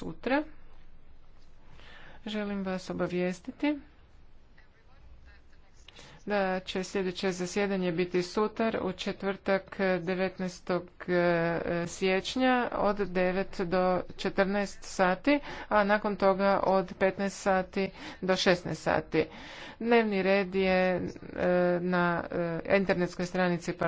sutra. Želim vas obavijestiti da će sljedeće zasjedanje biti sutar u četvrtak 19. Eh, siječnja od 9 do 14 sati, a nakon toga od 15 sati do 16 sati. Dnevni red je eh, na eh, internetskoj stranici parlamenta.